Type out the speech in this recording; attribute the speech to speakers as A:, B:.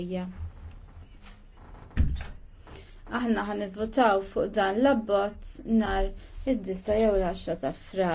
A: Ejja. Aħna ħan fuq dan l-abbozz nar id-disa jew l-10 ta' fra.